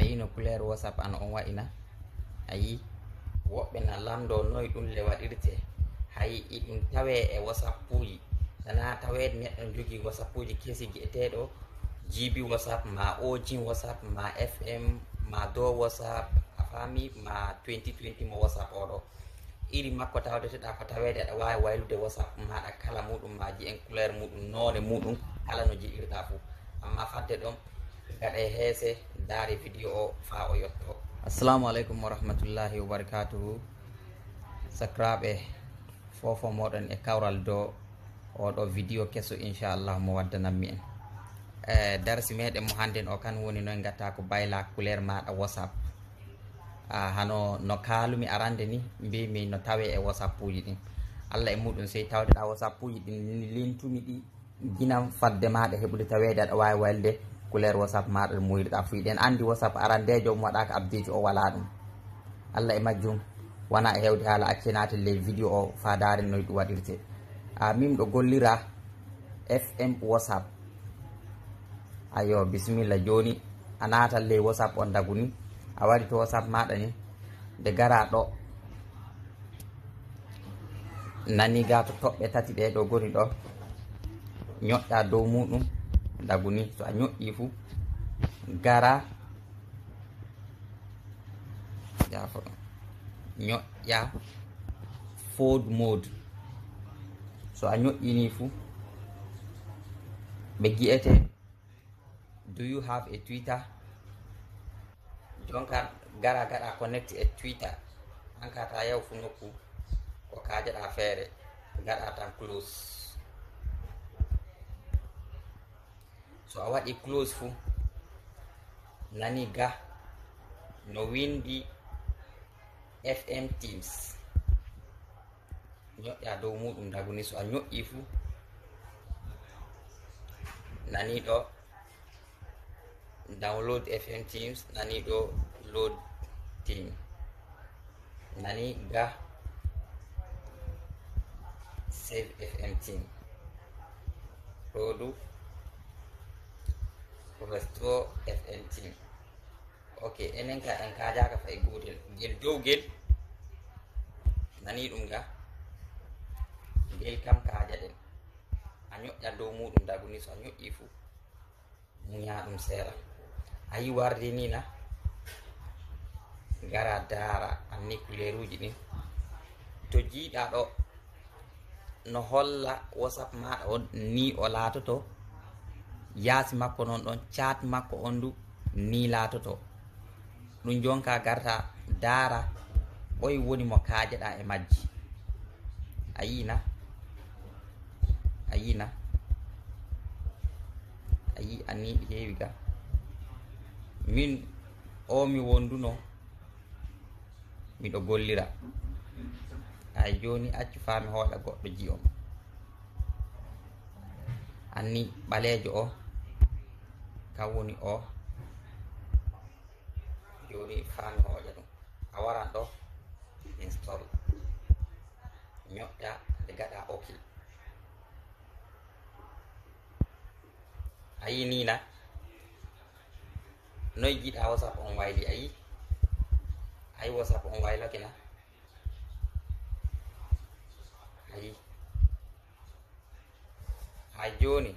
ayi no couleur whatsapp an on waɗina ayi woɓɓe na lamdo noy ɗum le waɗirte hay iɗum tawe e whatsapp uji sana tawede neɗɗo jogui whatsapp uji kesi gueteɗo jib whatsapp ma ojin whatsapp ma fm ma do whatsapp a fami ma 2020 mo whatsapp oɗo iri makko tawdeteɗa ko tawede aɗa wawi waylude whatsapp maɗa kala muɗum maji en couleur muɗum none muɗum kala no jiɗirɗa fo amma fadde ɗon gaɗe heese daari vidéo o faa o yotto assalamu aleykum wa rahmatullahi wa barakatuhu sakiraaɓe fofo moɗon e kawral dow oɗo vidéo keso inchallah mo waddanammi en e darsi meɗen mo hannden o kan woni noye gatta ko bayla couleur maɗa whatsapp hano no kaalumi arande ni mbimi no tawe e whatsapp uji ɗin allah e muɗum soyi tawdeɗa whatsapp uji ɗin lentumi ɗi ginam fadde maɗa heɓude tawede aɗa wawi walde kulaire wasap maɗa ɗo muyliɗa fu iɗen andi wasap arandejo mi waɗaka abdiji o wala ɗum allah e majjum wona e hewde haala accenate ley vidéo o fadare noy ɗum waɗirte min ɗo gollira fm wasap ayo bisimilla joni a natal ley wasap on dagu ni a wari to wasap maɗa ni nde gara ɗo nani ga to toɓɓe tati ɗe ɗo goni ɗo ñoƴƴa dow muɗum dagu ni to a ño'i fu gara jafo ño'a fold mode so a ño'ini fu ɓe gi'ete do you have a twitter jonka gara gaɗa connect e twitter an kata yaw fu nokku ko kajaɗa feere gaɗa tan close Um so a waɗi close fuu nani ga no windi fm teams nyo'a dow muɗum daguni so a nyo'i fuu nani ɗo download fm teams nani ɗo load team nani ga save fm team ɗo du professeur sn tim ok enen ka en kajaka fay gotel guel jowguel nani ɗum ga guel kam kaja ɗen a ñoƴƴa dow muɗum daguni so a ñoƴƴi fo muña ɗum seeɗa ayi warde ni na gara daara anni couleur uji ɗin to jiiɗa ɗo no holla whatsapp maɗa o ni o laatoto yaasi makko noon ɗon caati makko on du ni laatoto ɗum jonka garta daara ɓoye woni mo kaajeɗa e majji a yiina a yiina a yi anniɗi heewi ga min o mi wonduno miɗo gollira ay joni accu faami hooɗa goɗɗo ji on hanni ɓalejo o kan woni o joni fami hoƴa ɗum a waran ɗo instol ñoƴƴa nde gaɗa oki a yi nina noyi jiɗa wasap on wayli ayi ayi wasap on waylake na ayi joni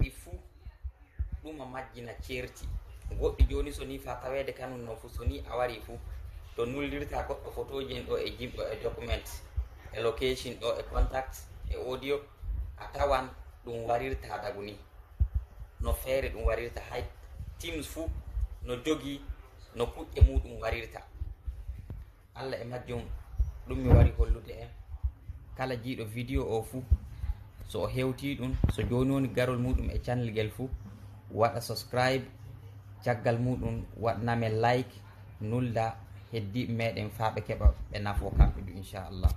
ɗi fuu ɗuma majjina ceerti goɗɗi joni soni fa tawede kanum non fu soni a wari fuu to nullirta goɗɗo photoji en ɗo e jimɗo e document e location ɗo e contact e audio a tawan ɗum warirta dagu ni no feere ɗum warirta hay teams fuu no jogi no kuƴƴe muɗum warirta allah e majjum ɗum mi wari hollude en kala jiiɗo vidéo o fuu so o hewti ɗum so joni woni garol muɗum e channel guel fuu waɗa subscribe caggal muɗum waɗname like nulda heddiɓe meɗen faaɓe keeɓa ɓe nafo kamɓe du inchallah